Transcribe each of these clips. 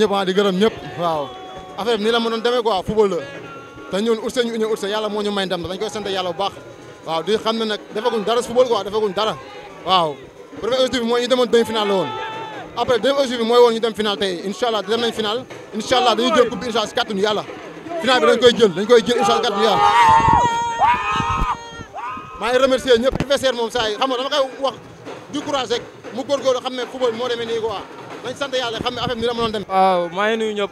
ñëpp ah ñëpp waaw affaire bi nii la mënoon demee quoi football la te ñun urse ñu uñu urse yàlla moo ñu may ndam dañ koy sant yàlla bu baax waaw di xam ne nag defaguñ dara football quoi defaguñ dara waaw premier bi mooy ñu demoon demi la woon après deuxième objectif bi mooy woon ñu dem final tey dem nañ final incha allah dañuy jël coupe bi incha allah si kàttanu yàlla koy jël dañ koy jël incha allah maa ngi remercier ñëpp adversaire moom saa yi xam nga dama koy wax du courage rek mu góorgóorlu xam ne football moo demee nii quoi dañ sant yàlla xam ne affaire bi ni la mënoon demee. waaw maa ngi nuyu ñëpp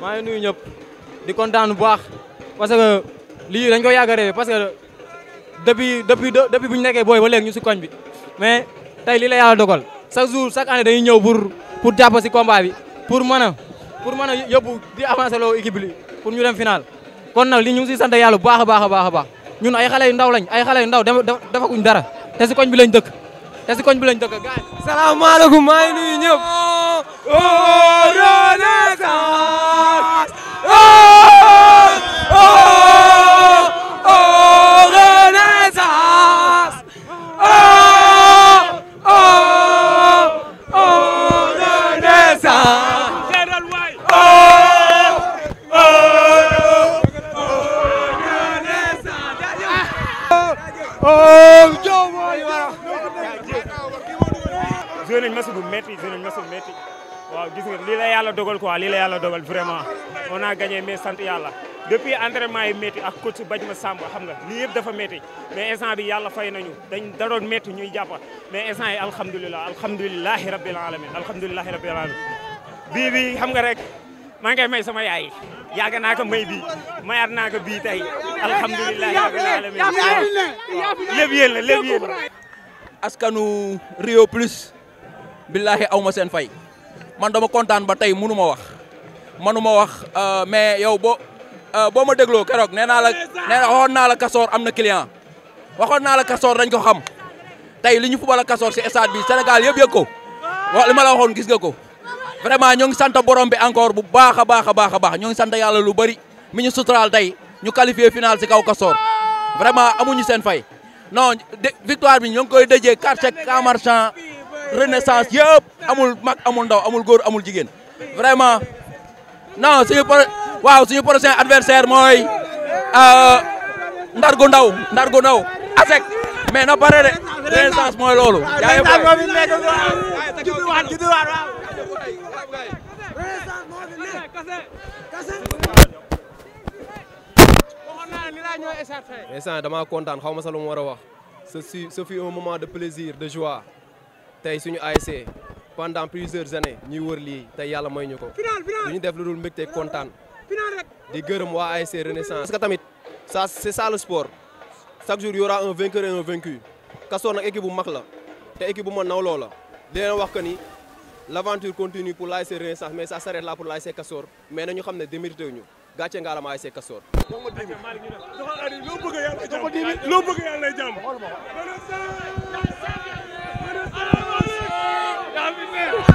maa ngi nuy ñëpp di kontaan bu baax parce que lii dañ ko yàgg a parce que depuis depuis depuis bu ñu nekkee booy ba léegi ñu si koñ bi mais tey lii la yàlla dogal chaque jour chaque année dañuy ñëw pour pour jàpp si combat bi pour mën a pour mën a yóbbu di avancer loo équipe bi pour ñu dem finaal kon nag lii ñu ngi siy sant yàlla bu baax a baax a baax ñun ay xale yu ndaw lañ ay xale yu ndaw defaguñ dara te si koñ bi lañ dëkk. te si koñ bi lañ dëkk gars yi. salaamaaleykum maa ngi nuyu ñëpp. depuis jeune mesul métti waaw gis nga lii la yàlla dogal quoi lii la yàlla dogal vraiment on a gagné mais sant yàlla depuis entraînement yi métti ak coach baj ma sàmb xam nga lii yëpp dafa métti mais instant bi yàlla fay nañu dañ daroon métti ñuy jàppa mais instant yi alhamdulilah alhamdulilahi rabbil alamin alhamdulilahi rabbil alamin bii bi xam nga rek maa ngi koy may sama yaay yàgg naa ko may bii mayaat naa ko bii tey alhamdulilah rabbil alamin lépp yéen la lépp yéen la Rio Plus billaahi aw ma seen fay man ma kontaan ba tey mënu ma wax mënu ma wax euh, mais yow boo euh, boo ma dégloo keroog nee naa la nee na waxoon naa la Castors am na client waxoon naa la Castors dañ ko xam tey li ñu fubal a Castors si stade bi Sénégal yëpp yëg ko wax li ma la waxoon gis nga ko vraiment ñoo ngi sant borom bi encore bu baax a baax a baax a baax ñoo ngi sant yàlla lu bari mi ñu suturaal tey ñu qualifié final si kaw Castors vraiment amuñu seen fay non victoire bi ñoo renaissance yëpp amul mag amul ndaw amul góor amul jigéen vraiment non suñu pro waaw suñu prochain adversaire mooy euh, ndar ndaw ndar gu ndaw asek mais na pare de renaissance mooy loolu jaay instant damaa kontaan xaw ma sa lu mu war a wax ce fut un moment de plaisir de joie tey suñu ASC pendant plusieurs années ñuy wër lii tey yàlla may ñu ko du ñu def lu dul mbégte kontaan di gërëm waa ASC Renaissance parce que tamit ça c'est ça le sport chaque jour y aura un vainqueur et un vaincu Castors nag équipe bu mag la te équipe bu ma nawloo la di leen wax que ni l'aventure continue pour l'ASC Renaissance mais ça s'arrête là pour l'ASC Castors mais nañu xam ne démérité wuñu gàcce nga alama Amen.